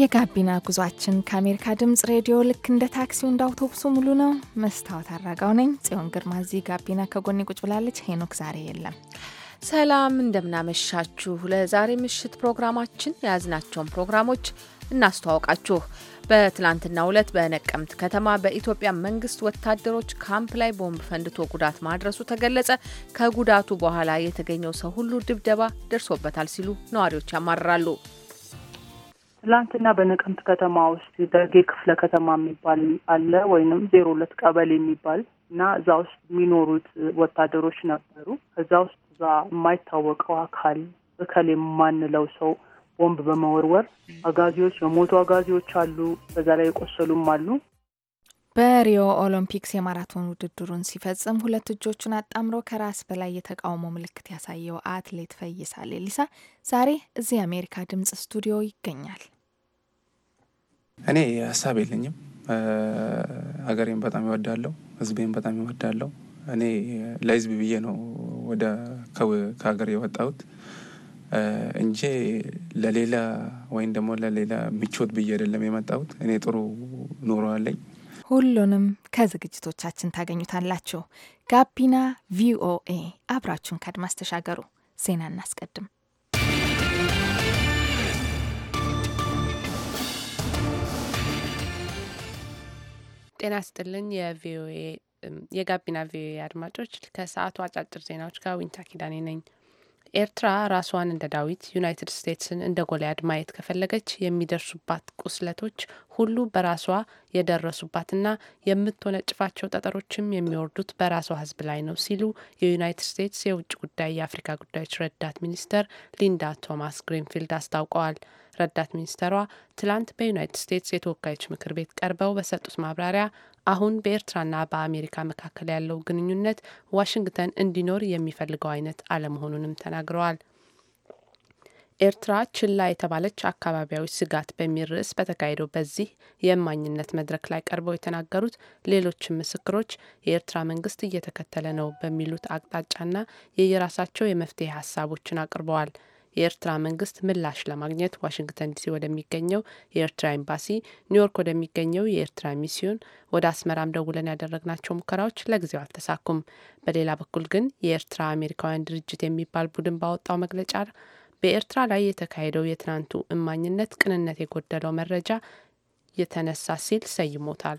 የጋቢና ጉዟችን ከአሜሪካ ድምጽ ሬዲዮ ልክ እንደ ታክሲው እንደ አውቶቡሱ ሙሉ ነው። መስታወት አራጋው ነኝ። ጽዮን ግርማ እዚህ ጋቢና ከጎኔ ቁጭ ብላለች። ሄኖክ ዛሬ የለም። ሰላም እንደምናመሻችሁ። ለዛሬ ምሽት ፕሮግራማችን የያዝናቸውን ፕሮግራሞች እናስተዋውቃችሁ። በትላንትናው ዕለት በነቀምት ከተማ በኢትዮጵያ መንግስት ወታደሮች ካምፕ ላይ ቦምብ ፈንድቶ ጉዳት ማድረሱ ተገለጸ። ከጉዳቱ በኋላ የተገኘው ሰው ሁሉ ድብደባ ደርሶበታል ሲሉ ነዋሪዎች ያማርራሉ። ትላንትና በነቀምት ከተማ ውስጥ ደርጌ ክፍለ ከተማ የሚባል አለ ወይንም ዜሮ ሁለት ቀበሌ የሚባል እና እዛ ውስጥ የሚኖሩት ወታደሮች ነበሩ። እዛ ውስጥ እዛ የማይታወቀው አካል እከል የማንለው ሰው ቦምብ በመወርወር አጋዚዎች የሞቱ አጋዚዎች አሉ፣ በዛ ላይ የቆሰሉም አሉ። በሪዮ ኦሎምፒክስ የማራቶን ውድድሩን ሲፈጽም ሁለት እጆቹን አጣምሮ ከራስ በላይ የተቃውሞ ምልክት ያሳየው አትሌት ፈይሳ ሌሊሳ ዛሬ እዚህ የአሜሪካ ድምጽ ስቱዲዮ ይገኛል። እኔ ሀሳብ የለኝም። ሀገሬን በጣም ይወዳለሁ፣ ህዝቤን በጣም ይወዳለሁ። እኔ ለህዝብ ብዬ ነው ወደ ከሀገር የወጣሁት እንጂ ለሌላ ወይም ደግሞ ለሌላ ምቾት ብዬ አይደለም የመጣሁት። እኔ ጥሩ ኑሮ አለኝ። ሁሉንም ከዝግጅቶቻችን ታገኙታላችሁ። ጋቢና ቪኦኤ፣ አብራችሁን ከአድማስ ተሻገሩ። ዜና እናስቀድም። ጤና ስጥልን የቪኦኤ የጋቢና ቪኦኤ አድማጮች ከሰዓቱ አጫጭር ዜናዎች ጋር ዊንታ ኪዳኔ ነኝ። ኤርትራ ራሷን እንደ ዳዊት ዩናይትድ ስቴትስን እንደ ጎልያድ ማየት ከፈለገች የሚደርሱባት ቁስለቶች ሁሉ በራሷ የደረሱባትና የምትወነጭፋቸው ጠጠሮችም የሚወርዱት በራሷ ሕዝብ ላይ ነው ሲሉ የዩናይትድ ስቴትስ የውጭ ጉዳይ የአፍሪካ ጉዳዮች ረዳት ሚኒስተር ሊንዳ ቶማስ ግሪንፊልድ አስታውቀዋል። ረዳት ሚኒስተሯ ትላንት በዩናይትድ ስቴትስ የተወካዮች ምክር ቤት ቀርበው በሰጡት ማብራሪያ አሁን በኤርትራና በአሜሪካ መካከል ያለው ግንኙነት ዋሽንግተን እንዲኖር የሚፈልገው አይነት አለመሆኑንም ተናግረዋል። ኤርትራ ችላ የተባለች አካባቢያዊ ስጋት በሚል ርዕስ በተካሄደው በዚህ የእማኝነት መድረክ ላይ ቀርበው የተናገሩት ሌሎችም ምስክሮች የኤርትራ መንግስት እየተከተለ ነው በሚሉት አቅጣጫና የየራሳቸው የመፍትሄ ሀሳቦችን አቅርበዋል። የኤርትራ መንግስት ምላሽ ለማግኘት ዋሽንግተን ዲሲ ወደሚገኘው የኤርትራ ኤምባሲ፣ ኒውዮርክ ወደሚገኘው የኤርትራ ሚስዮን፣ ወደ አስመራም ደውለን ያደረግናቸው ሙከራዎች ለጊዜው አልተሳኩም። በሌላ በኩል ግን የኤርትራ አሜሪካውያን ድርጅት የሚባል ቡድን ባወጣው መግለጫ በኤርትራ ላይ የተካሄደው የትናንቱ እማኝነት ቅንነት የጎደለው መረጃ የተነሳ ሲል ሰይሞታል።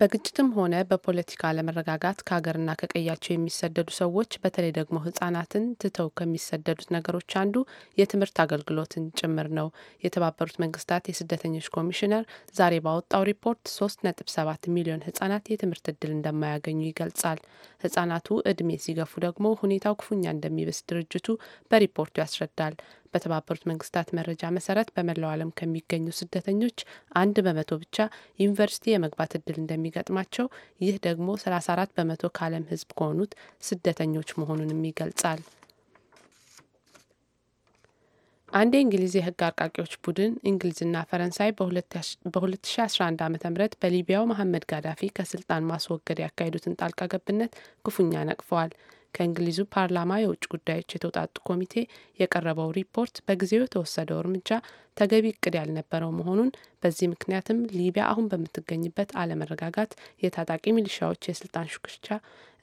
በግጭትም ሆነ በፖለቲካ አለመረጋጋት ከሀገርና ከቀያቸው የሚሰደዱ ሰዎች በተለይ ደግሞ ህጻናትን ትተው ከሚሰደዱት ነገሮች አንዱ የትምህርት አገልግሎትን ጭምር ነው። የተባበሩት መንግስታት የስደተኞች ኮሚሽነር ዛሬ ባወጣው ሪፖርት ሶስት ነጥብ ሰባት ሚሊዮን ህጻናት የትምህርት እድል እንደማያገኙ ይገልጻል። ህጻናቱ እድሜ ሲገፉ ደግሞ ሁኔታው ክፉኛ እንደሚብስ ድርጅቱ በሪፖርቱ ያስረዳል። በተባበሩት መንግስታት መረጃ መሰረት በመላው ዓለም ከሚገኙ ስደተኞች አንድ በመቶ ብቻ ዩኒቨርሲቲ የመግባት እድል እንደሚገጥማቸው፣ ይህ ደግሞ 34 በመቶ ከዓለም ህዝብ ከሆኑት ስደተኞች መሆኑንም ይገልጻል። አንድ የእንግሊዝ የህግ አርቃቂዎች ቡድን እንግሊዝና ፈረንሳይ በ2011 ዓ ም በሊቢያው መሐመድ ጋዳፊ ከስልጣን ማስወገድ ያካሄዱትን ጣልቃ ገብነት ክፉኛ ነቅፈዋል። ከእንግሊዙ ፓርላማ የውጭ ጉዳዮች የተውጣጡ ኮሚቴ የቀረበው ሪፖርት በጊዜው የተወሰደው እርምጃ ተገቢ እቅድ ያልነበረው መሆኑን፣ በዚህ ምክንያትም ሊቢያ አሁን በምትገኝበት አለመረጋጋት የታጣቂ ሚሊሻዎች የስልጣን ሽኩቻ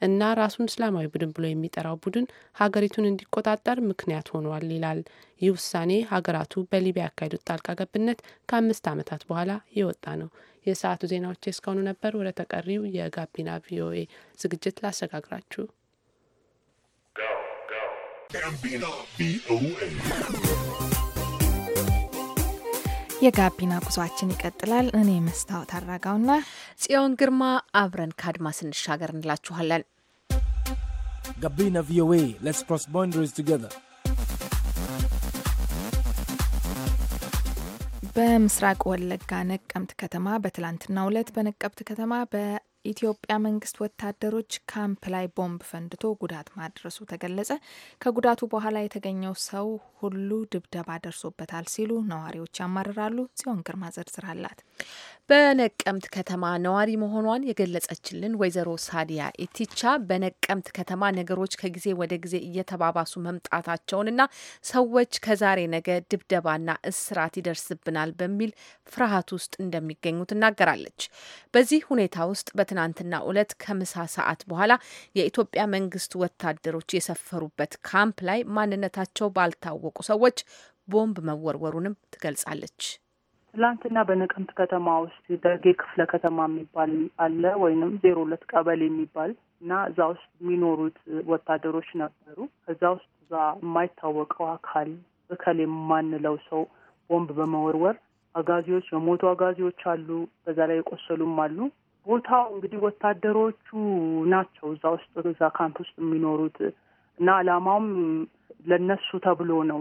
እና ራሱን እስላማዊ ቡድን ብሎ የሚጠራው ቡድን ሀገሪቱን እንዲቆጣጠር ምክንያት ሆኗል ይላል። ይህ ውሳኔ ሀገራቱ በሊቢያ ያካሄዱት ጣልቃ ገብነት ከአምስት ዓመታት በኋላ የወጣ ነው። የሰዓቱ ዜናዎች እስካሁኑ ነበር። ወደ ተቀሪው የጋቢና ቪኦኤ ዝግጅት ላሸጋግራችሁ። ጋቢና ቪኦኤ የጋቢና ጉዟችን ይቀጥላል። እኔ መስታወት አራጋውና ጽዮን ግርማ አብረን ከአድማስ ስንሻገር እንላችኋለን። ጋቢና ቪኦኤ ሌትስ ክሮስ ቦንደሪስ ቱጌዘር በምስራቅ ወለጋ ነቀምት ከተማ በትላንትናው ዕለት በነቀምት ከተማ በ የኢትዮጵያ መንግስት ወታደሮች ካምፕ ላይ ቦምብ ፈንድቶ ጉዳት ማድረሱ ተገለጸ። ከጉዳቱ በኋላ የተገኘው ሰው ሁሉ ድብደባ ደርሶበታል ሲሉ ነዋሪዎች ያማርራሉ። ጽዮን ግርማ ዝርዝር አላት። በነቀምት ከተማ ነዋሪ መሆኗን የገለጸችልን ወይዘሮ ሳዲያ ኢቲቻ በነቀምት ከተማ ነገሮች ከጊዜ ወደ ጊዜ እየተባባሱ መምጣታቸውንና ሰዎች ከዛሬ ነገ ድብደባና እስራት ይደርስብናል በሚል ፍርሃት ውስጥ እንደሚገኙ ትናገራለች። በዚህ ሁኔታ ውስጥ በትናንትና ዕለት ከምሳ ሰዓት በኋላ የኢትዮጵያ መንግስት ወታደሮች የሰፈሩበት ካምፕ ላይ ማንነታቸው ባልታወቁ ሰዎች ቦምብ መወርወሩንም ትገልጻለች። ትላንትና በነቀምት ከተማ ውስጥ ደርጌ ክፍለ ከተማ የሚባል አለ ወይንም ዜሮ ሁለት ቀበሌ የሚባል እና እዛ ውስጥ የሚኖሩት ወታደሮች ነበሩ። እዛ ውስጥ እዛ የማይታወቀው አካል እከል የማንለው ሰው ቦምብ በመወርወር አጋዚዎች የሞቱ አጋዚዎች አሉ። በዛ ላይ የቆሰሉም አሉ። ቦታው እንግዲህ ወታደሮቹ ናቸው እዛ ውስጥ እዛ ካምፕ ውስጥ የሚኖሩት እና አላማውም ለነሱ ተብሎ ነው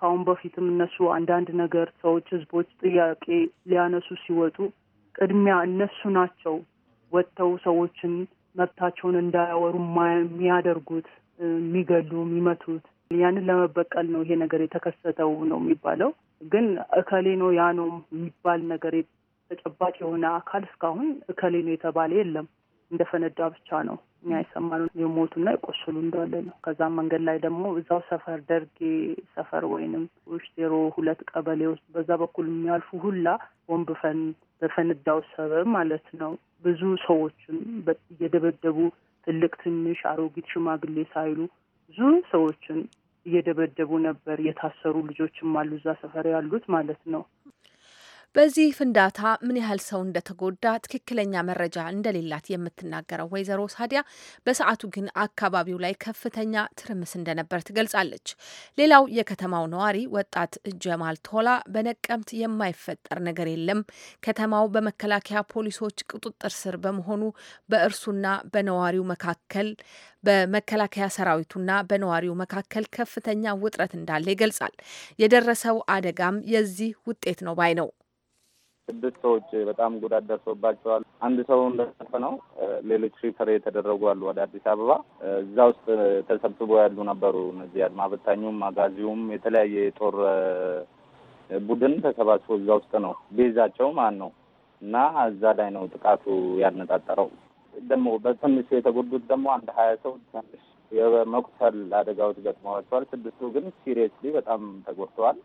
ከአሁን በፊትም እነሱ አንዳንድ ነገር ሰዎች፣ ህዝቦች ጥያቄ ሊያነሱ ሲወጡ ቅድሚያ እነሱ ናቸው ወጥተው ሰዎችን መብታቸውን እንዳያወሩ የሚያደርጉት የሚገሉ፣ የሚመቱት ያንን ለመበቀል ነው ይሄ ነገር የተከሰተው ነው የሚባለው። ግን እከሌ ነው ያ ነው የሚባል ነገር ተጨባጭ የሆነ አካል እስካሁን እከሌ ነው የተባለ የለም። እንደፈነዳ ብቻ ነው እኛ የሰማነው የሞቱና የቆሰሉ እንዳለ ነው። ከዛም መንገድ ላይ ደግሞ እዛው ሰፈር ደርጌ ሰፈር ወይንም ውስጥ ዜሮ ሁለት ቀበሌ ውስጥ በዛ በኩል የሚያልፉ ሁላ ወንብፈን በፈንዳው ሰበብ ማለት ነው ብዙ ሰዎችን እየደበደቡ ትልቅ ትንሽ፣ አሮጊት ሽማግሌ ሳይሉ ብዙ ሰዎችን እየደበደቡ ነበር። የታሰሩ ልጆችም አሉ እዛ ሰፈር ያሉት ማለት ነው። በዚህ ፍንዳታ ምን ያህል ሰው እንደተጎዳ ትክክለኛ መረጃ እንደሌላት የምትናገረው ወይዘሮ ሳዲያ በሰዓቱ ግን አካባቢው ላይ ከፍተኛ ትርምስ እንደነበር ትገልጻለች። ሌላው የከተማው ነዋሪ ወጣት ጀማል ቶላ በነቀምት የማይፈጠር ነገር የለም፣ ከተማው በመከላከያ ፖሊሶች ቁጥጥር ስር በመሆኑ በእርሱና በነዋሪው መካከል በመከላከያ ሰራዊቱና በነዋሪው መካከል ከፍተኛ ውጥረት እንዳለ ይገልጻል። የደረሰው አደጋም የዚህ ውጤት ነው ባይ ነው። ስድስት ሰዎች በጣም ጉዳት ደርሶባቸዋል። አንድ ሰው እንደጠፍ ነው። ሌሎች ሪፈር የተደረጉ አሉ ወደ አዲስ አበባ። እዛ ውስጥ ተሰብስቦ ያሉ ነበሩ። እነዚህ አድማ በታኙም አጋዚውም የተለያየ የጦር ቡድን ተሰባስቦ እዛ ውስጥ ነው ቤዛቸው ማን ነው እና እዛ ላይ ነው ጥቃቱ ያነጣጠረው። ደግሞ በትንሹ የተጎዱት ደግሞ አንድ ሀያ ሰው ትንሽ የመቁሰል አደጋዎች ገጥመዋቸዋል። ስድስቱ ግን ሲሪየስሊ በጣም ተጎድተዋል።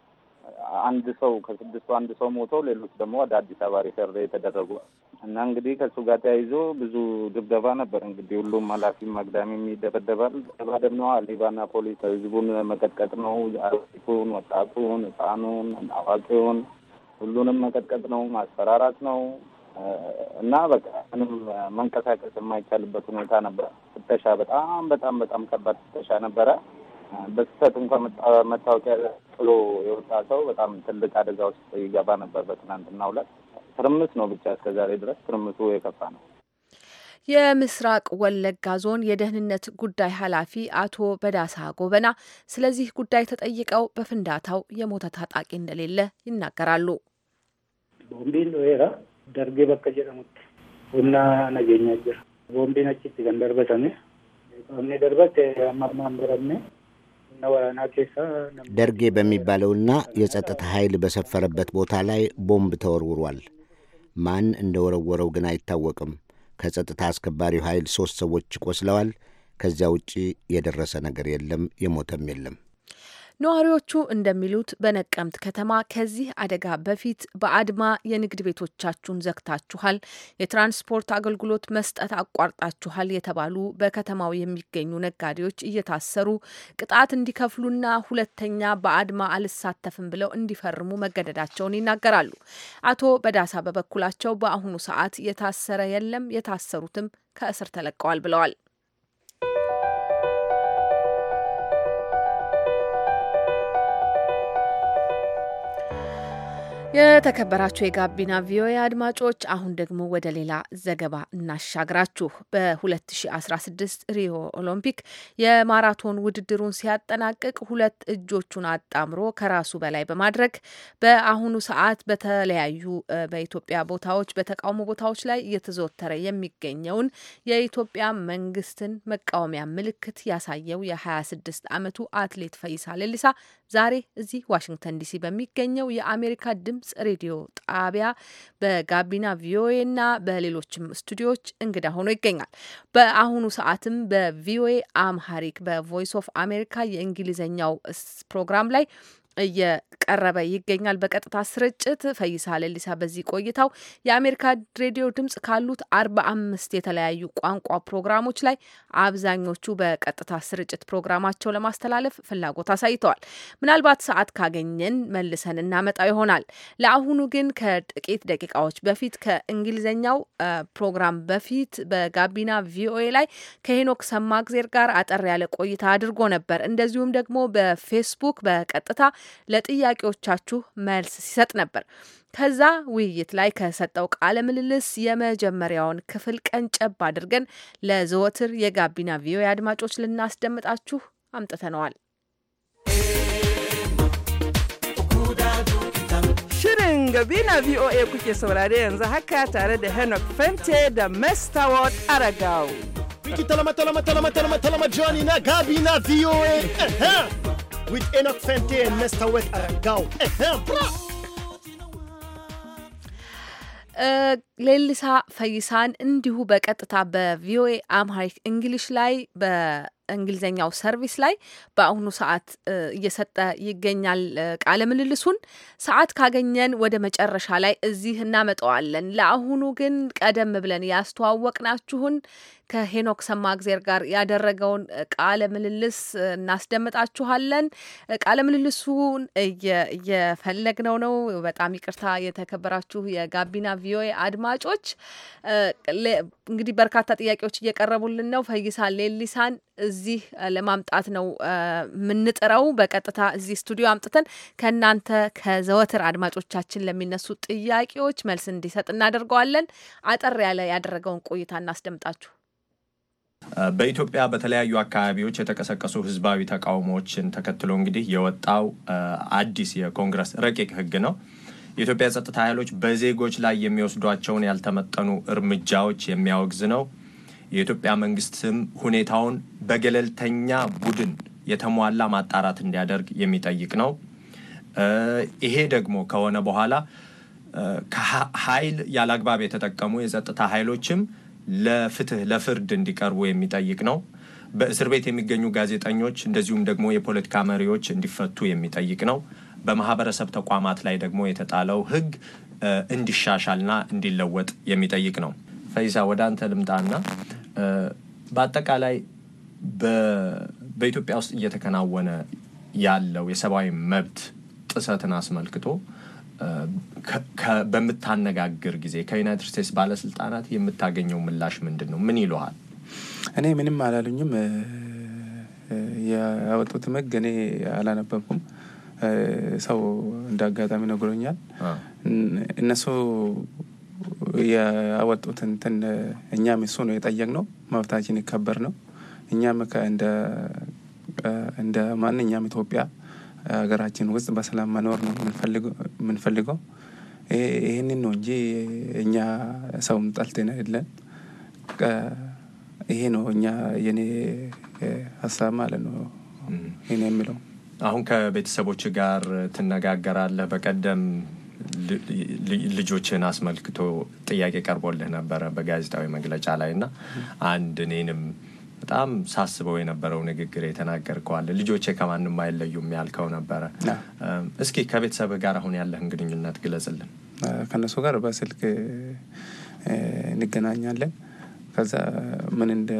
አንድ ሰው ከስድስቱ አንድ ሰው ሞቶ ሌሎች ደግሞ ወደ አዲስ አበባ ሪፈር የተደረጉ እና እንግዲህ ከእሱ ጋር ተያይዞ ብዙ ድብደባ ነበር። እንግዲህ ሁሉም ኃላፊም አግዳሚም ይደበደባል። ደባደብ ነው ሌባና ፖሊስ ህዝቡን መቀጥቀጥ ነው። አሪፉን፣ ወጣቱን፣ ህፃኑን፣ አዋቂውን ሁሉንም መቀጥቀጥ ነው፣ ማስፈራራት ነው እና በቃ ምንም መንቀሳቀስ የማይቻልበት ሁኔታ ነበር። ፍተሻ በጣም በጣም በጣም ከባድ ፍተሻ ነበረ። በስህተት እንኳን መታወቂያ ጥሎ የወጣ ሰው በጣም ትልቅ አደጋ ውስጥ ይገባ ነበር። በትናንትና ሁለት ትርምስ ነው ብቻ እስከዛሬ ድረስ ትርምሱ የከፋ ነው። የምስራቅ ወለጋ ዞን የደህንነት ጉዳይ ኃላፊ አቶ በዳሳ ጎበና ስለዚህ ጉዳይ ተጠይቀው በፍንዳታው የሞተ ታጣቂ እንደሌለ ይናገራሉ። ቦምቢን ራ ደርጌ በከ ጀረሙት ቡና ነገኛ ጀር ቦምቢን አችት ገንደርበሰኔ ቀምኔ ደርበት ማማንበረምኔ ደርጌ በሚባለውና የጸጥታ ኃይል በሰፈረበት ቦታ ላይ ቦምብ ተወርውሯል። ማን እንደ ወረወረው ግን አይታወቅም። ከጸጥታ አስከባሪው ኃይል ሦስት ሰዎች ቆስለዋል። ከዚያ ውጪ የደረሰ ነገር የለም፣ የሞተም የለም። ነዋሪዎቹ እንደሚሉት በነቀምት ከተማ ከዚህ አደጋ በፊት በአድማ የንግድ ቤቶቻችሁን ዘግታችኋል፣ የትራንስፖርት አገልግሎት መስጠት አቋርጣችኋል የተባሉ በከተማው የሚገኙ ነጋዴዎች እየታሰሩ ቅጣት እንዲከፍሉና ሁለተኛ በአድማ አልሳተፍም ብለው እንዲፈርሙ መገደዳቸውን ይናገራሉ። አቶ በዳሳ በበኩላቸው በአሁኑ ሰዓት የታሰረ የለም፣ የታሰሩትም ከእስር ተለቀዋል ብለዋል። የተከበራችሁ የጋቢና ቪኦኤ አድማጮች አሁን ደግሞ ወደ ሌላ ዘገባ እናሻግራችሁ። በ2016 ሪዮ ኦሎምፒክ የማራቶን ውድድሩን ሲያጠናቅቅ ሁለት እጆቹን አጣምሮ ከራሱ በላይ በማድረግ በአሁኑ ሰዓት በተለያዩ በኢትዮጵያ ቦታዎች በተቃውሞ ቦታዎች ላይ እየተዘወተረ የሚገኘውን የኢትዮጵያ መንግስትን መቃወሚያ ምልክት ያሳየው የ26 ዓመቱ አትሌት ፈይሳ ሌሊሳ ዛሬ እዚህ ዋሽንግተን ዲሲ በሚገኘው የአሜሪካ ድም ድምፅ ሬዲዮ ጣቢያ በጋቢና ቪኦኤና በሌሎችም ስቱዲዮዎች እንግዳ ሆኖ ይገኛል። በአሁኑ ሰዓትም በቪኦኤ አምሃሪክ በቮይስ ኦፍ አሜሪካ የእንግሊዝኛው ፕሮግራም ላይ እየቀረበ ይገኛል። በቀጥታ ስርጭት ፈይሳ ሌሊሳ በዚህ ቆይታው የአሜሪካ ሬዲዮ ድምጽ ካሉት አርባ አምስት የተለያዩ ቋንቋ ፕሮግራሞች ላይ አብዛኞቹ በቀጥታ ስርጭት ፕሮግራማቸው ለማስተላለፍ ፍላጎት አሳይተዋል። ምናልባት ሰዓት ካገኘን መልሰን እናመጣ ይሆናል። ለአሁኑ ግን ከጥቂት ደቂቃዎች በፊት ከእንግሊዝኛው ፕሮግራም በፊት በጋቢና ቪኦኤ ላይ ከሄኖክ ሰማግዜር ጋር አጠር ያለ ቆይታ አድርጎ ነበር። እንደዚሁም ደግሞ በፌስቡክ በቀጥታ ለጥያቄዎቻችሁ መልስ ሲሰጥ ነበር። ከዛ ውይይት ላይ ከሰጠው ቃለ ምልልስ የመጀመሪያውን ክፍል ቀንጨብ አድርገን ለዘወትር የጋቢና ቪኦኤ አድማጮች ልናስደምጣችሁ አምጥተነዋል። Shirin Gabina VOA kuke saurare yanzu haka tare da Enoch Fente da Mestaward Aragao. Wiki talama talama talama talama talama Johnny na Gabi na VOA. with Enoch Fenty and Mr. Wet Arangao. ሌሊሳ ፈይሳን uh, እንዲሁ በቀጥታ በቪኦኤ አምሃሪክ እንግሊሽ ላይ በእንግሊዝኛው ሰርቪስ ላይ በአሁኑ ሰዓት uh, እየሰጠ ይገኛል uh, ቃለ ምልልሱን። ሰዓት ካገኘን ወደ መጨረሻ ላይ እዚህ እናመጣዋለን። ለአሁኑ ግን ቀደም ብለን ያስተዋወቅናችሁን ከሄኖክ ሰማእግዜር ጋር ያደረገውን ቃለ ምልልስ እናስደምጣችኋለን። ቃለ ምልልሱን እየፈለግነው ነው። በጣም ይቅርታ የተከበራችሁ የጋቢና ቪኦኤ አድማጮች። እንግዲህ በርካታ ጥያቄዎች እየቀረቡልን ነው። ፈይሳ ሌሊሳን እዚህ ለማምጣት ነው የምንጥረው። በቀጥታ እዚህ ስቱዲዮ አምጥተን ከእናንተ ከዘወትር አድማጮቻችን ለሚነሱ ጥያቄዎች መልስ እንዲሰጥ እናደርገዋለን። አጠር ያለ ያደረገውን ቆይታ እናስደምጣችሁ። በኢትዮጵያ በተለያዩ አካባቢዎች የተቀሰቀሱ ህዝባዊ ተቃውሞዎችን ተከትሎ እንግዲህ የወጣው አዲስ የኮንግረስ ረቂቅ ህግ ነው። የኢትዮጵያ የጸጥታ ኃይሎች በዜጎች ላይ የሚወስዷቸውን ያልተመጠኑ እርምጃዎች የሚያወግዝ ነው። የኢትዮጵያ መንግስትም ሁኔታውን በገለልተኛ ቡድን የተሟላ ማጣራት እንዲያደርግ የሚጠይቅ ነው። ይሄ ደግሞ ከሆነ በኋላ ኃይል ያለ አግባብ የተጠቀሙ የጸጥታ ኃይሎችም ለፍትህ ለፍርድ እንዲቀርቡ የሚጠይቅ ነው። በእስር ቤት የሚገኙ ጋዜጠኞች እንደዚሁም ደግሞ የፖለቲካ መሪዎች እንዲፈቱ የሚጠይቅ ነው። በማህበረሰብ ተቋማት ላይ ደግሞ የተጣለው ህግ እንዲሻሻልና እንዲለወጥ የሚጠይቅ ነው። ፈይሳ ወደ አንተ ልምጣና በአጠቃላይ በኢትዮጵያ ውስጥ እየተከናወነ ያለው የሰብአዊ መብት ጥሰትን አስመልክቶ በምታነጋግር ጊዜ ከዩናይትድ ስቴትስ ባለስልጣናት የምታገኘው ምላሽ ምንድን ነው? ምን ይለሃል? እኔ ምንም አላሉኝም። ያወጡትም ህግ እኔ አላነበብኩም። ሰው እንደ አጋጣሚ ነግሮኛል። እነሱ ያወጡት እንትን እኛም እሱ ነው የጠየቅነው፣ መብታችን ይከበር ነው። እኛም እንደ ማንኛውም ኢትዮጵያ ሀገራችን ውስጥ በሰላም መኖር ነው የምንፈልገው። ይህንን ነው እንጂ እኛ ሰውም ጠልተን አይደለም። ይሄ ነው እኛ የኔ ሀሳብ ማለት ነው ይኔ የሚለው። አሁን ከቤተሰቦች ጋር ትነጋገራለህ። በቀደም ልጆችን አስመልክቶ ጥያቄ ቀርቦልህ ነበረ በጋዜጣዊ መግለጫ ላይ እና አንድ እኔንም በጣም ሳስበው የነበረው ንግግር የተናገርከው አለ። ልጆቼ ከማንም አይለዩም ያልከው ነበረ። እስኪ ከቤተሰብ ጋር አሁን ያለህን ግንኙነት ግለጽልን። ከነሱ ጋር በስልክ እንገናኛለን። ከዛ ምን እንደ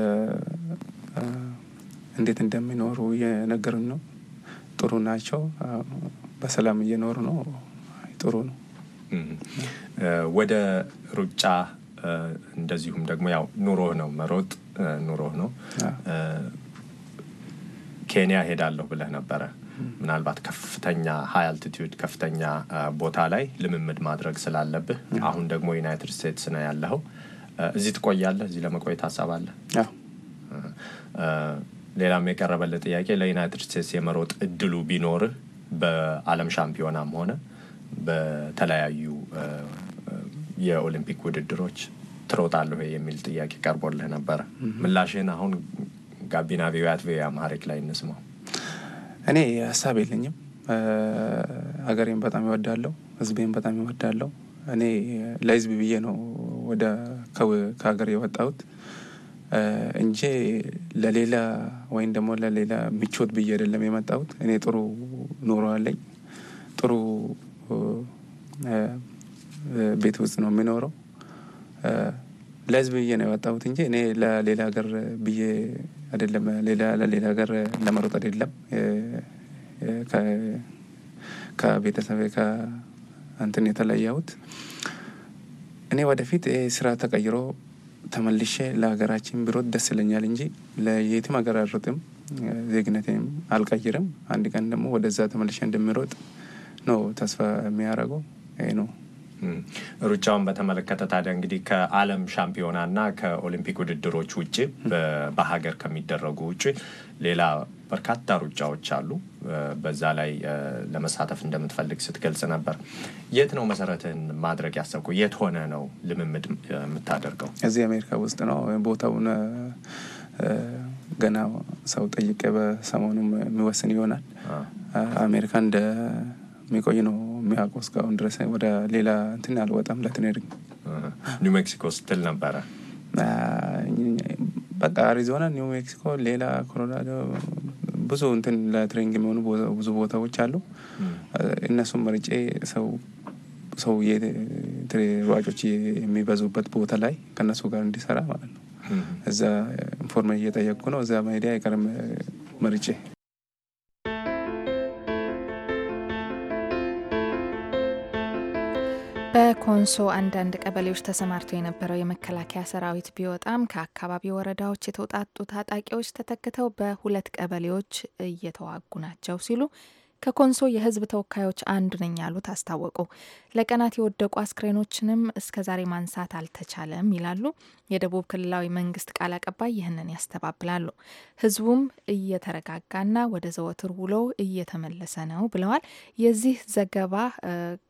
እንዴት እንደሚኖሩ እየነገሩን ነው። ጥሩ ናቸው። በሰላም እየኖሩ ነው። ጥሩ ነው። ወደ ሩጫ እንደዚሁም ደግሞ ያው ኑሮህ ነው መሮጥ ኑሮህ ነው። ኬንያ ሄዳለሁ ብለህ ነበረ። ምናልባት ከፍተኛ ሀይ አልቲቲዩድ ከፍተኛ ቦታ ላይ ልምምድ ማድረግ ስላለብህ አሁን ደግሞ ዩናይትድ ስቴትስ ነው ያለኸው። እዚህ ትቆያለህ? እዚህ ለመቆየት ሀሳብ አለ? ሌላም የቀረበልህ ጥያቄ ለዩናይትድ ስቴትስ የመሮጥ እድሉ ቢኖርህ በአለም ሻምፒዮናም ሆነ በተለያዩ የኦሊምፒክ ውድድሮች ትሮጣለሁ የሚል ጥያቄ ቀርቦልህ ነበረ። ምላሽን አሁን ጋቢና ቪያት ቪያ ማሪክ ላይ እንስማው። እኔ ሀሳብ የለኝም። ሀገሬን በጣም ይወዳለሁ፣ ህዝቤን በጣም ይወዳለሁ። እኔ ለህዝብ ብዬ ነው ወደ ከሀገር የወጣሁት እንጂ ለሌላ ወይም ደግሞ ለሌላ ምቾት ብዬ አይደለም የመጣሁት። እኔ ጥሩ ኑሮ አለኝ፣ ጥሩ ቤት ውስጥ ነው የሚኖረው። ለህዝብ ብዬ ነው የወጣሁት እንጂ እኔ ለሌላ ሀገር ብዬ አይደለም። ለሌላ ሀገር ለመሮጥ አይደለም። ከቤተሰብ ከእንትን የተለያሁት እኔ ወደፊት ስራ ተቀይሮ ተመልሼ ለሀገራችን ቢሮጥ ደስ ይለኛል እንጂ ለየትም ሀገር አልሮጥም። ዜግነቴም አልቀይርም። አንድ ቀን ደግሞ ወደዛ ተመልሼ እንደሚሮጥ ነው ተስፋ የሚያደርገው ነው። ሩጫውን በተመለከተ ታዲያ እንግዲህ ከዓለም ሻምፒዮናና ከኦሊምፒክ ውድድሮች ውጭ በሀገር ከሚደረጉ ውጭ ሌላ በርካታ ሩጫዎች አሉ። በዛ ላይ ለመሳተፍ እንደምትፈልግ ስትገልጽ ነበር። የት ነው መሰረትህን ማድረግ ያሰብኩ? የት ሆነ ነው ልምምድ የምታደርገው? እዚህ አሜሪካ ውስጥ ነው ቦታውን ገና ሰው ጠይቄ በሰሞኑም የሚወስን ይሆናል። አሜሪካ እንደሚቆይ ነው የሚያውቁ እስካሁን ድረስ ወደ ሌላ እንትን አልወጣም። ለትሬኒንግ ኒው ሜክሲኮ ስትል ነበረ። በቃ አሪዞና፣ ኒው ሜክሲኮ፣ ሌላ ኮሎራዶ ብዙ እንትን ለትሬኒንግ የሚሆኑ ብዙ ቦታዎች አሉ። እነሱም መርጬ ሰው ሰው ሯጮች የሚበዙበት ቦታ ላይ ከእነሱ ጋር እንዲሰራ ማለት ነው። እዛ ኢንፎርሜሽን እየጠየቅኩ ነው። እዛ መሄድ አይቀርም መርጬ በኮንሶ አንዳንድ ቀበሌዎች ተሰማርቶ የነበረው የመከላከያ ሰራዊት ቢወጣም ከአካባቢ ወረዳዎች የተውጣጡ ታጣቂዎች ተተክተው በሁለት ቀበሌዎች እየተዋጉ ናቸው ሲሉ ከኮንሶ የህዝብ ተወካዮች አንዱ ነኝ ያሉት አስታወቁ። ለቀናት የወደቁ አስክሬኖችንም እስከዛሬ ማንሳት አልተቻለም ይላሉ። የደቡብ ክልላዊ መንግስት ቃል አቀባይ ይህንን ያስተባብላሉ። ህዝቡም እየተረጋጋና ወደ ዘወትር ውሎ እየተመለሰ ነው ብለዋል። የዚህ ዘገባ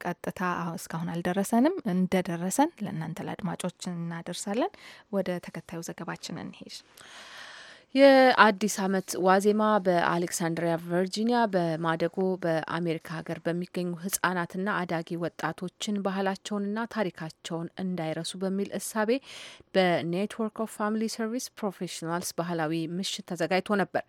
ቀጥታ እስካሁን አልደረሰንም። እንደደረሰን ለእናንተ ለአድማጮች እናደርሳለን። ወደ ተከታዩ ዘገባችን እንሄድ። የአዲስ ዓመት ዋዜማ በአሌክሳንድሪያ ቨርጂኒያ በማደጎ በአሜሪካ ሀገር በሚገኙ ህጻናትና አዳጊ ወጣቶችን ባህላቸውንና ታሪካቸውን እንዳይረሱ በሚል እሳቤ በኔትወርክ ኦፍ ፋሚሊ ሰርቪስ ፕሮፌሽናልስ ባህላዊ ምሽት ተዘጋጅቶ ነበር።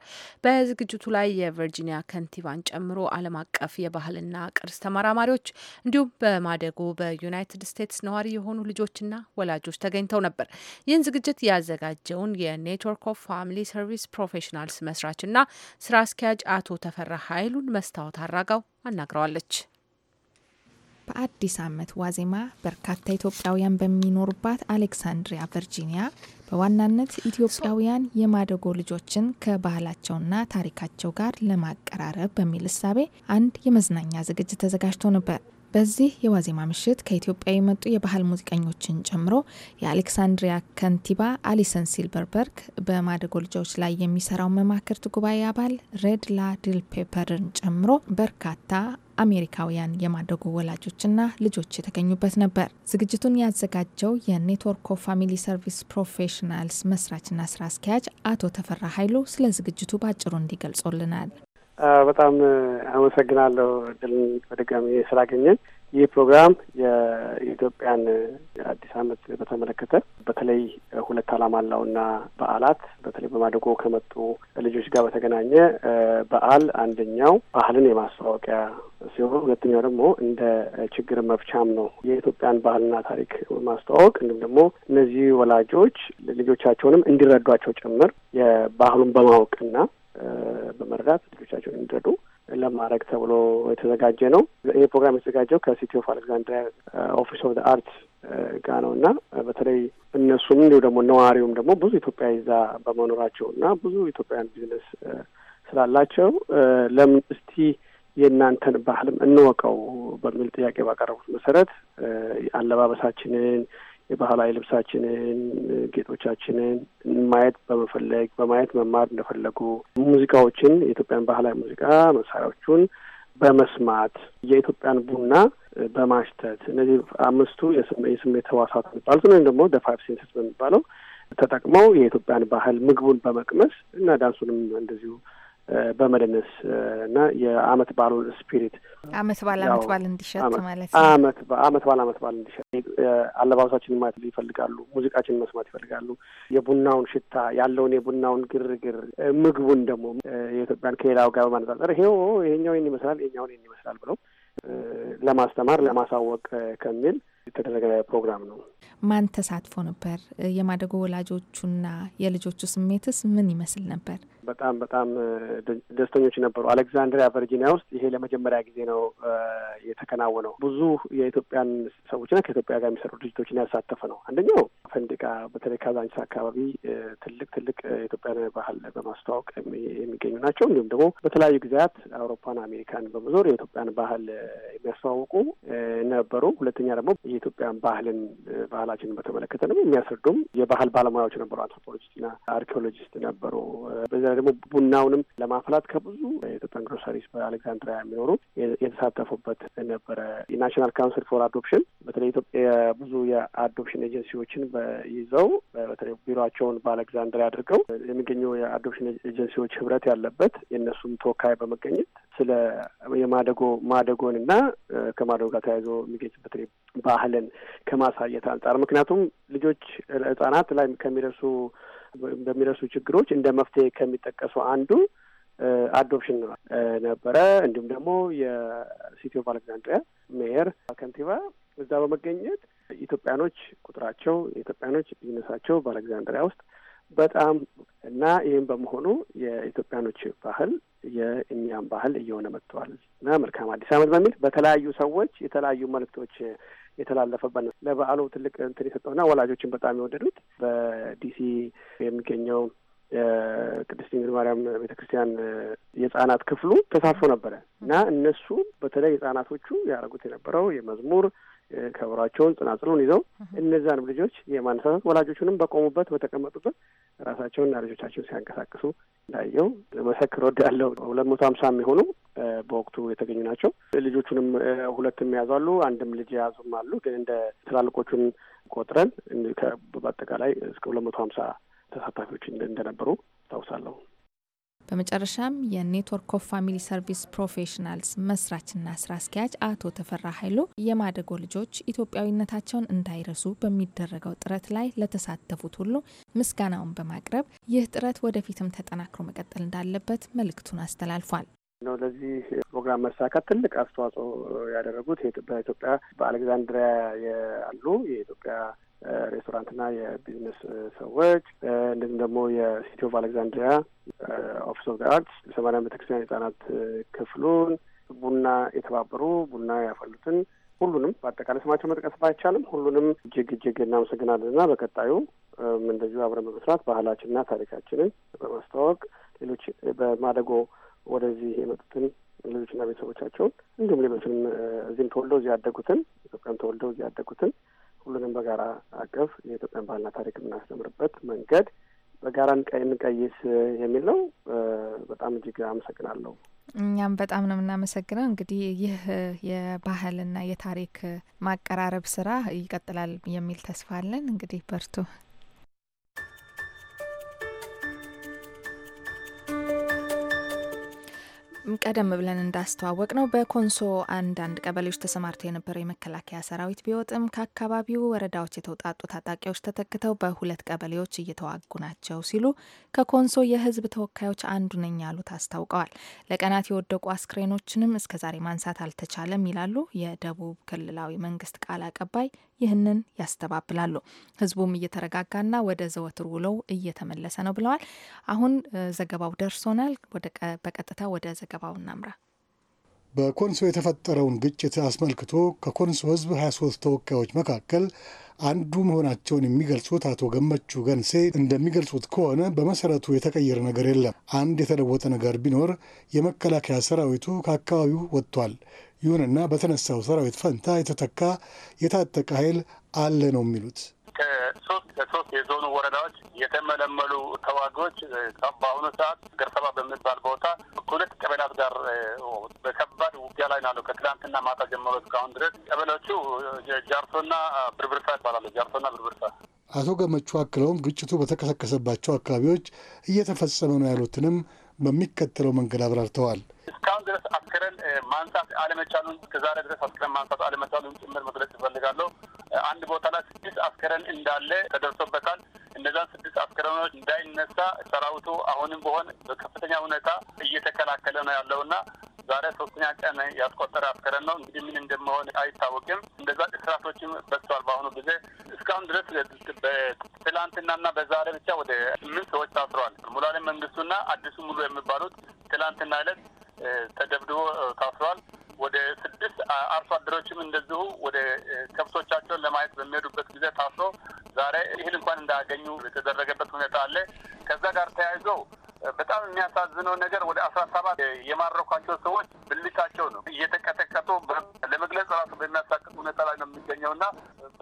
በዝግጅቱ ላይ የቨርጂኒያ ከንቲባን ጨምሮ ዓለም አቀፍ የባህልና ቅርስ ተመራማሪዎች እንዲሁም በማደጎ በዩናይትድ ስቴትስ ነዋሪ የሆኑ ልጆችና ወላጆች ተገኝተው ነበር። ይህን ዝግጅት ያዘጋጀውን የኔትወርክ ኦፍ ፋሚሊ ሰርቪስ ፕሮፌሽናልስ መስራችና ስራ አስኪያጅ አቶ ተፈራ ኃይሉን መስታወት አራጋው አናግረዋለች። በአዲስ ዓመት ዋዜማ በርካታ ኢትዮጵያውያን በሚኖሩባት አሌክሳንድሪያ ቨርጂኒያ በዋናነት ኢትዮጵያውያን የማደጎ ልጆችን ከባህላቸውና ታሪካቸው ጋር ለማቀራረብ በሚል እሳቤ አንድ የመዝናኛ ዝግጅት ተዘጋጅቶ ነበር። በዚህ የዋዜማ ምሽት ከኢትዮጵያ የመጡ የባህል ሙዚቀኞችን ጨምሮ የአሌክሳንድሪያ ከንቲባ አሊሰን ሲልበርበርግ በማደጎ ልጆች ላይ የሚሰራው መማክርት ጉባኤ አባል ሬድላ ፔፐርን ጨምሮ በርካታ አሜሪካውያን የማደጎ ወላጆችና ልጆች የተገኙበት ነበር። ዝግጅቱን ያዘጋጀው የኔትወርክ ኦፍ ፋሚሊ ሰርቪስ ፕሮፌሽናልስ መስራችና ስራ አስኪያጅ አቶ ተፈራ ኃይሉ ስለ ዝግጅቱ በአጭሩ እንዲገልጾልናል። በጣም አመሰግናለሁ ድልን በድጋሚ ስላገኘን። ይህ ፕሮግራም የኢትዮጵያን አዲስ ዓመት በተመለከተ በተለይ ሁለት ዓላማ አለውና በዓላት በተለይ በማደጎ ከመጡ ልጆች ጋር በተገናኘ በዓል አንደኛው ባህልን የማስተዋወቂያ ሲሆን፣ ሁለተኛው ደግሞ እንደ ችግር መፍቻም ነው። የኢትዮጵያን ባህልና ታሪክ ማስተዋወቅ እንዲሁም ደግሞ እነዚህ ወላጆች ልጆቻቸውንም እንዲረዷቸው ጭምር የባህሉን በማወቅና በመርዳት ልጆቻቸውን እንዲረዱ ለማድረግ ተብሎ የተዘጋጀ ነው። ይህ ፕሮግራም የተዘጋጀው ከሲቲ ኦፍ አሌክዛንድሪያ ኦፊስ ኦፍ አርት ጋ ነው እና በተለይ እነሱም እንዲሁ ደግሞ ነዋሪውም ደግሞ ብዙ ኢትዮጵያ ይዛ በመኖራቸው እና ብዙ ኢትዮጵያውያን ቢዝነስ ስላላቸው ለምን እስቲ የእናንተን ባህልም እንወቀው በሚል ጥያቄ ባቀረቡት መሰረት አለባበሳችንን የባህላዊ ልብሳችንን፣ ጌጦቻችንን ማየት በመፈለግ በማየት መማር እንደፈለጉ ሙዚቃዎችን፣ የኢትዮጵያን ባህላዊ ሙዚቃ መሳሪያዎቹን በመስማት የኢትዮጵያን ቡና በማሽተት እነዚህ አምስቱ የስሜት ህዋሳት የሚባሉት ወይም ደግሞ ደፋይቭ ሴንሰስ በሚባለው ተጠቅመው የኢትዮጵያን ባህል ምግቡን በመቅመስ እና ዳንሱንም እንደዚሁ በመደነስ እና የአመት ባሉን ስፒሪት አመት ባል አመት ባል እንዲሸጥ ማለት ነው። አመት አመት ባል አመት ባል እንዲሸጥ አለባበሳችን ማየት ይፈልጋሉ። ሙዚቃችን መስማት ይፈልጋሉ። የቡናውን ሽታ ያለውን የቡናውን ግርግር፣ ምግቡን ደግሞ የኢትዮጵያን ከሌላው ጋር በማነጻጸር ይሄው ይሄኛው ይህን ይመስላል፣ ይሄኛውን ይህን ይመስላል ብለው ለማስተማር ለማሳወቅ ከሚል የተደረገ ፕሮግራም ነው። ማን ተሳትፎ ነበር? የማደጎ ወላጆቹና የልጆቹ ስሜትስ ምን ይመስል ነበር? በጣም በጣም ደስተኞች ነበሩ። አሌክዛንድሪያ ቨርጂኒያ ውስጥ ይሄ ለመጀመሪያ ጊዜ ነው የተከናወነው። ብዙ የኢትዮጵያን ሰዎችና ከኢትዮጵያ ጋር የሚሰሩ ድርጅቶችን ያሳተፈ ነው። አንደኛው ፈንዲቃ፣ በተለይ ካዛንቺስ አካባቢ ትልቅ ትልቅ ኢትዮጵያን ባህል በማስተዋወቅ የሚገኙ ናቸው። እንዲሁም ደግሞ በተለያዩ ጊዜያት አውሮፓን፣ አሜሪካን በመዞር የኢትዮጵያን ባህል የሚያስተዋውቁ ነበሩ። ሁለተኛ ደግሞ የኢትዮጵያን ባህልን ባህላችንን በተመለከተ ደግሞ የሚያስረዱም የባህል ባለሙያዎች ነበሩ። አንትሮፖሎጂስትና አርኪኦሎጂስት ነበሩ። በዚያ ደግሞ ቡናውንም ለማፍላት ከብዙ የኢትዮጵያን ግሮሰሪስ በአሌክዛንድሪያ የሚኖሩ የተሳተፉበት ነበረ። የናሽናል ካውንስል ፎር አዶፕሽን በተለይ ኢትዮጵያ ብዙ የአዶፕሽን ኤጀንሲዎችን ይዘው በተለይ ቢሮቸውን በአሌክዛንድሪያ አድርገው የሚገኘው የአዶፕሽን ኤጀንሲዎች ህብረት ያለበት የእነሱም ተወካይ በመገኘት ስለ የማደጎ ማደጎን እና ከማደጎ ጋር ተያይዞ የሚገኝ በተለይ ባህልን ከማሳየት አንጻር ምክንያቱም ልጆች ህጻናት ላይ ከሚደርሱ ወይም በሚደርሱ ችግሮች እንደ መፍትሄ ከሚጠቀሱ አንዱ አዶፕሽን ነበረ። እንዲሁም ደግሞ የሲቲ ኦፍ አሌክዛንድሪያ ሜየር ከንቲባ እዛ በመገኘት ኢትዮጵያኖች ቁጥራቸው የኢትዮጵያኖች ቢዝነሳቸው በአሌክዛንድሪያ ውስጥ በጣም እና ይህም በመሆኑ የኢትዮጵያኖች ባህል የእኛም ባህል እየሆነ መጥተዋል እና መልካም አዲስ ዓመት በሚል በተለያዩ ሰዎች የተለያዩ መልእክቶች የተላለፈበት ነው። ለበዓሉ ትልቅ እንትን የሰጠውና ወላጆችን በጣም የወደዱት በዲሲ የሚገኘው የቅድስት ድንግል ማርያም ቤተ ክርስቲያን የህጻናት ክፍሉ ተሳትፎ ነበረ እና እነሱ በተለይ ህጻናቶቹ ያደረጉት የነበረው የመዝሙር ከብራቸውን ጽናጽሉን ይዘው እነዛን ልጆች የማነሳሳት ወላጆቹንም በቆሙበት በተቀመጡበት ራሳቸውንና ልጆቻቸውን ሲያንቀሳቅሱ እንዳየው ለመሰክር ወዳለው ሁለት መቶ ሀምሳ የሚሆኑ በወቅቱ የተገኙ ናቸው። ልጆቹንም ሁለትም የያዙ አንድም ልጅ የያዙም አሉ። ግን እንደ ትላልቆቹን ቆጥረን በአጠቃላይ እስከ ሁለት መቶ ሀምሳ ተሳታፊዎች እንደነበሩ ታውሳለሁ። በመጨረሻም የኔትወርክ ኦፍ ፋሚሊ ሰርቪስ ፕሮፌሽናልስ መስራችና ስራ አስኪያጅ አቶ ተፈራ ኃይሉ የማደጎ ልጆች ኢትዮጵያዊነታቸውን እንዳይረሱ በሚደረገው ጥረት ላይ ለተሳተፉት ሁሉ ምስጋናውን በማቅረብ ይህ ጥረት ወደፊትም ተጠናክሮ መቀጠል እንዳለበት መልእክቱን አስተላልፏል። ነው ለዚህ ፕሮግራም መሳካት ትልቅ አስተዋጽኦ ያደረጉት በኢትዮጵያ በአሌክዛንድሪያ ያሉ የኢትዮጵያ ሬስቶራንትና የቢዝነስ ሰዎች እንደዚህም ደግሞ የሲቲ ኦፍ አሌክዛንድሪያ ኦፊስ ኦፍ አርትስ የሰማርያን ቤተክርስቲያን ህጻናት ክፍሉን ቡና የተባበሩ ቡና ያፈሉትን ሁሉንም በአጠቃላይ ስማቸው መጥቀስ ባይቻልም ሁሉንም እጅግ እጅግ እናመሰግናለን እና በቀጣዩ እንደዚሁ አብረን በመስራት ባህላችንና ታሪካችንን በማስተዋወቅ ሌሎች በማደጎ ወደዚህ የመጡትን ልጆችና ቤተሰቦቻቸውን እንዲሁም ሌሎችንም እዚህም ተወልደው እዚህ ያደጉትን ኢትዮጵያም ተወልደው እዚህ ያደጉትን ሁሉንም በጋራ አቀፍ የኢትዮጵያን ባህልና ታሪክ የምናስተምርበት መንገድ በጋራ እንቀይስ የሚል ነው። በጣም እጅግ አመሰግናለሁ። እኛም በጣም ነው የምናመሰግነው። እንግዲህ ይህ የባህልና የታሪክ ማቀራረብ ስራ ይቀጥላል የሚል ተስፋ አለን። እንግዲህ በርቱ። ቀደም ብለን እንዳስተዋወቅ ነው በኮንሶ አንዳንድ ቀበሌዎች ተሰማርተው የነበረው የመከላከያ ሰራዊት ቢወጥም ከአካባቢው ወረዳዎች የተውጣጡ ታጣቂዎች ተተክተው በሁለት ቀበሌዎች እየተዋጉ ናቸው ሲሉ ከኮንሶ የሕዝብ ተወካዮች አንዱ ነኝ ያሉት አስታውቀዋል። ለቀናት የወደቁ አስክሬኖችንም እስከዛሬ ማንሳት አልተቻለም ይላሉ የደቡብ ክልላዊ መንግስት ቃል አቀባይ። ይህንን ያስተባብላሉ። ህዝቡም እየተረጋጋና ወደ ዘወትር ውለው እየተመለሰ ነው ብለዋል። አሁን ዘገባው ደርሶናል። በቀጥታ ወደ ዘገባው እናምራ። በኮንሶ የተፈጠረውን ግጭት አስመልክቶ ከኮንሶ ህዝብ 23 ተወካዮች መካከል አንዱ መሆናቸውን የሚገልጹት አቶ ገመቹ ገንሴ እንደሚገልጹት ከሆነ በመሰረቱ የተቀየረ ነገር የለም። አንድ የተለወጠ ነገር ቢኖር የመከላከያ ሰራዊቱ ከአካባቢው ወጥቷል። ይሁንና በተነሳው ሰራዊት ፈንታ የተተካ የታጠቀ ኃይል አለ ነው የሚሉት። ከሶስት ከሶስት የዞኑ ወረዳዎች የተመለመሉ ተዋጊዎች በአሁኑ ሰዓት ገርሰባ በሚባል ቦታ ከሁለት ቀበላት ጋር በከባድ ውጊያ ላይ ናሉ። ከትላንትና ማታ ጀምሮ እስካሁን ድረስ ቀበሎቹ ጃርሶና ብርብርሳ ይባላሉ። ጃርሶና ብርብርሳ። አቶ ገመቹ አክለውም ግጭቱ በተቀሰቀሰባቸው አካባቢዎች እየተፈጸመ ነው ያሉትንም በሚከተለው መንገድ አብራርተዋል። እስካሁን ድረስ አስክረን ማንሳት አለመቻሉን ከዛሬ ድረስ አስክረን ማንሳት አለመቻሉን ጭምር መግለጽ ይፈልጋለሁ። አንድ ቦታ ላይ ስድስት አስክረን እንዳለ ተደርሶበታል። እነዛን ስድስት አስክረኖች እንዳይነሳ ሰራዊቱ አሁንም በሆን በከፍተኛ ሁኔታ እየተከላከለ ነው ያለውና ዛሬ ሶስተኛ ቀን ያስቆጠረ አስከረን ነው። እንግዲህ ምን እንደመሆን አይታወቅም። እንደዛ እስራቶችም በዝተዋል። በአሁኑ ጊዜ እስካሁን ድረስ በትላንትናና በዛሬ ብቻ ወደ ስምንት ሰዎች ታስረዋል። ሙላሌ መንግስቱና አዲሱ ሙሉ የሚባሉት ትላንትና ዕለት ተደብድቦ ታስሯል። ወደ ስድስት አርሶ አደሮችም እንደዚሁ ወደ ከብቶቻቸውን ለማየት በሚሄዱበት ጊዜ ታስሮ ዛሬ እህል እንኳን እንዳያገኙ የተደረገበት ሁኔታ አለ። ከዛ ጋር ተያይዞ በጣም የሚያሳዝነው ነገር ወደ አስራ ሰባት የማረኳቸው ሰዎች ብልታቸው ነው እየተቀጠቀጡ ለመግለጽ ራሱ በሚያሳቅቅ ሁኔታ ላይ ነው የሚገኘውና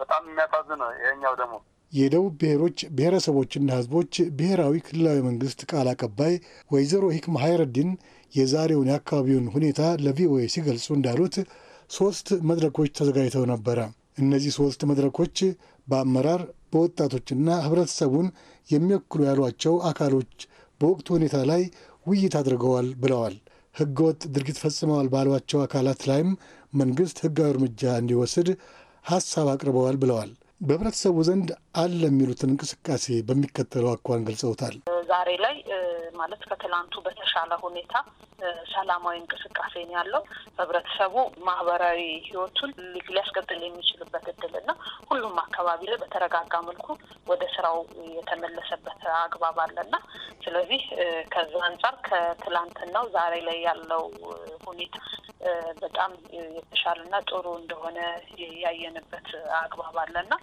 በጣም የሚያሳዝን ነው። ይሄኛው ደግሞ የደቡብ ብሔሮች ብሔረሰቦችና ሕዝቦች ብሔራዊ ክልላዊ መንግስት ቃል አቀባይ ወይዘሮ ሂክማ ሀይረዲን የዛሬውን የአካባቢውን ሁኔታ ለቪኦኤ ሲገልጹ እንዳሉት ሶስት መድረኮች ተዘጋጅተው ነበረ። እነዚህ ሶስት መድረኮች በአመራር በወጣቶችና ህብረተሰቡን የሚወክሉ ያሏቸው አካሎች በወቅቱ ሁኔታ ላይ ውይይት አድርገዋል ብለዋል። ህገወጥ ድርጊት ፈጽመዋል ባሏቸው አካላት ላይም መንግስት ህጋዊ እርምጃ እንዲወስድ ሀሳብ አቅርበዋል ብለዋል። በህብረተሰቡ ዘንድ አለ የሚሉትን እንቅስቃሴ በሚከተለው አኳን ገልጸውታል። ዛሬ ላይ ማለት ከትላንቱ በተሻለ ሁኔታ ሰላማዊ እንቅስቃሴ ነው ያለው። ህብረተሰቡ ማህበራዊ ህይወቱን ሊያስቀጥል የሚችልበት እድልና ሁሉም አካባቢ ላይ በተረጋጋ መልኩ ወደ ስራው የተመለሰበት አግባብ አለና ስለዚህ ከዛ አንጻር ከትላንትናው ዛሬ ላይ ያለው ሁኔታ በጣም የተሻለና ጥሩ እንደሆነ ያየንበት አግባብ አለና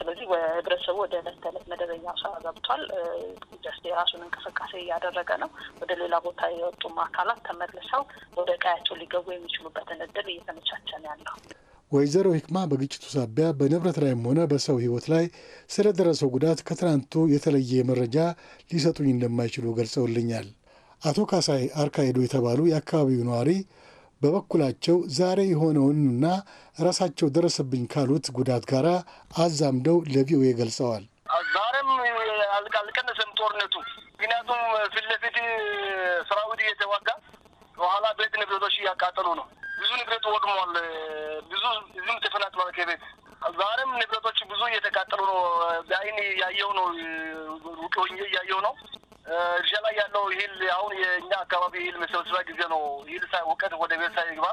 ስለዚህ ህብረተሰቡ ወደ ዕለት ተዕለት መደበኛ ስራ ገብቷል። ጀስት የራሱ የራሱን እንቅስቃሴ እያደረገ ነው። ወደ ሌላ ቦታ የወጡም አካላት ተመልሰው ወደ ቀያቸው ሊገቡ የሚችሉበትን እድል እየተመቻቸን ያለው። ወይዘሮ ሂክማ በግጭቱ ሳቢያ በንብረት ላይም ሆነ በሰው ሕይወት ላይ ስለደረሰው ጉዳት ከትናንቱ የተለየ መረጃ ሊሰጡኝ እንደማይችሉ ገልጸውልኛል። አቶ ካሳይ አርካይዶ የተባሉ የአካባቢው ነዋሪ በበኩላቸው ዛሬ የሆነውንና ራሳቸው ደረሰብኝ ካሉት ጉዳት ጋር አዛምደው ለቪኦኤ ገልጸዋል። ሁለት ንብረቶች እያቃጠሉ ነው። ብዙ ንብረት ወድሟል። ብዙ ህዝብም ተፈናቅሏል ከቤት ዛሬም ንብረቶች ብዙ እየተቃጠሉ ነው። በአይን ያየው ነው፣ ሩቅ ሆኜ እያየው ነው። እርሻ ላይ ያለው ይህል አሁን የእኛ አካባቢ ይህል መሰብሰቢያ ጊዜ ነው። ይህል ሳይወቀት ወደ ቤት ሳይግባ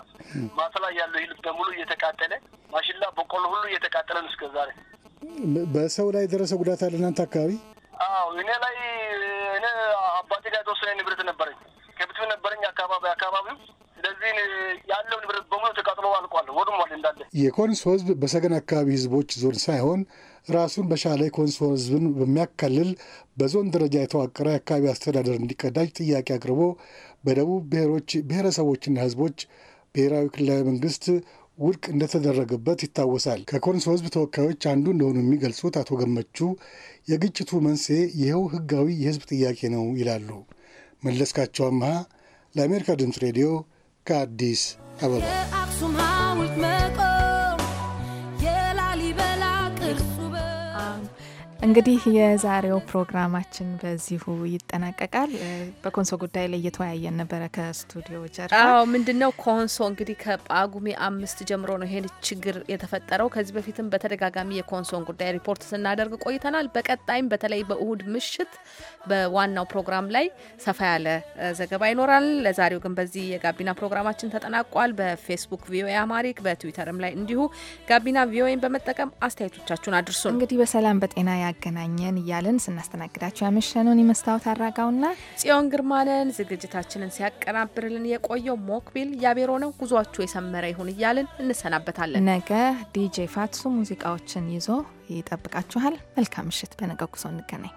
ማሳ ላይ ያለው ይህል በሙሉ እየተቃጠለ ማሽላ፣ በቆሎ ሁሉ እየተቃጠለ ነው። እስከ ዛሬ በሰው ላይ የደረሰ ጉዳት አለ እናንተ አካባቢ? አዎ እኔ ላይ እኔ አባቴ ጋር የተወሰነ ንብረት ነበረኝ፣ ከብትም ነበረኝ አካባቢ አካባቢ የኮንሶ ህዝብ በሰገን አካባቢ ህዝቦች ዞን ሳይሆን ራሱን በሻለ የኮንሶ ህዝብን በሚያካልል በዞን ደረጃ የተዋቀረ የአካባቢ አስተዳደር እንዲቀዳጅ ጥያቄ አቅርቦ በደቡብ ብሔሮች ብሔረሰቦችና ህዝቦች ብሔራዊ ክልላዊ መንግስት ውድቅ እንደተደረገበት ይታወሳል። ከኮንሶ ህዝብ ተወካዮች አንዱ እንደሆኑ የሚገልጹት አቶ ገመቹ የግጭቱ መንስኤ ይኸው ህጋዊ የህዝብ ጥያቄ ነው ይላሉ። መለስካቸው አምሃ ለአሜሪካ ድምፅ ሬዲዮ ከአዲስ አበባ እንግዲህ የዛሬው ፕሮግራማችን በዚሁ ይጠናቀቃል። በኮንሶ ጉዳይ ላይ እየተወያየን ነበረ ከስቱዲዮ ጀርባ። አዎ ምንድን ነው ኮንሶ እንግዲህ ከጳጉሜ አምስት ጀምሮ ነው ይሄን ችግር የተፈጠረው። ከዚህ በፊትም በተደጋጋሚ የኮንሶን ጉዳይ ሪፖርት ስናደርግ ቆይተናል። በቀጣይም በተለይ በእሁድ ምሽት በዋናው ፕሮግራም ላይ ሰፋ ያለ ዘገባ ይኖራል። ለዛሬው ግን በዚህ የጋቢና ፕሮግራማችን ተጠናቋል። በፌስቡክ ቪኦኤ አማሪክ፣ በትዊተርም ላይ እንዲሁ ጋቢና ቪኦኤን በመጠቀም አስተያየቶቻችሁን አድርሱን። እንግዲህ በሰላም በጤና ያገናኘን እያለን ስናስተናግዳቸው ያመሸነውን የመስታወት አድራጋውና ጽዮን ግርማለን ዝግጅታችንን ሲያቀናብርልን የቆየው ሞክቢል ያቤሮ ነው። ጉዟችሁ የሰመረ ይሁን እያልን እንሰናበታለን። ነገ ዲጄ ፋትሱ ሙዚቃዎችን ይዞ ይጠብቃችኋል። መልካም ምሽት። በነገ ጉዞ እንገናኝ።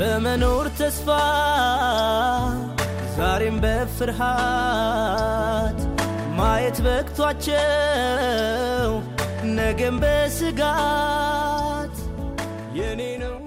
በመኖር ተስፋ ዛሬም በፍርሃት ማየት በቅቷቸው ነገም በስጋት የኔ ነው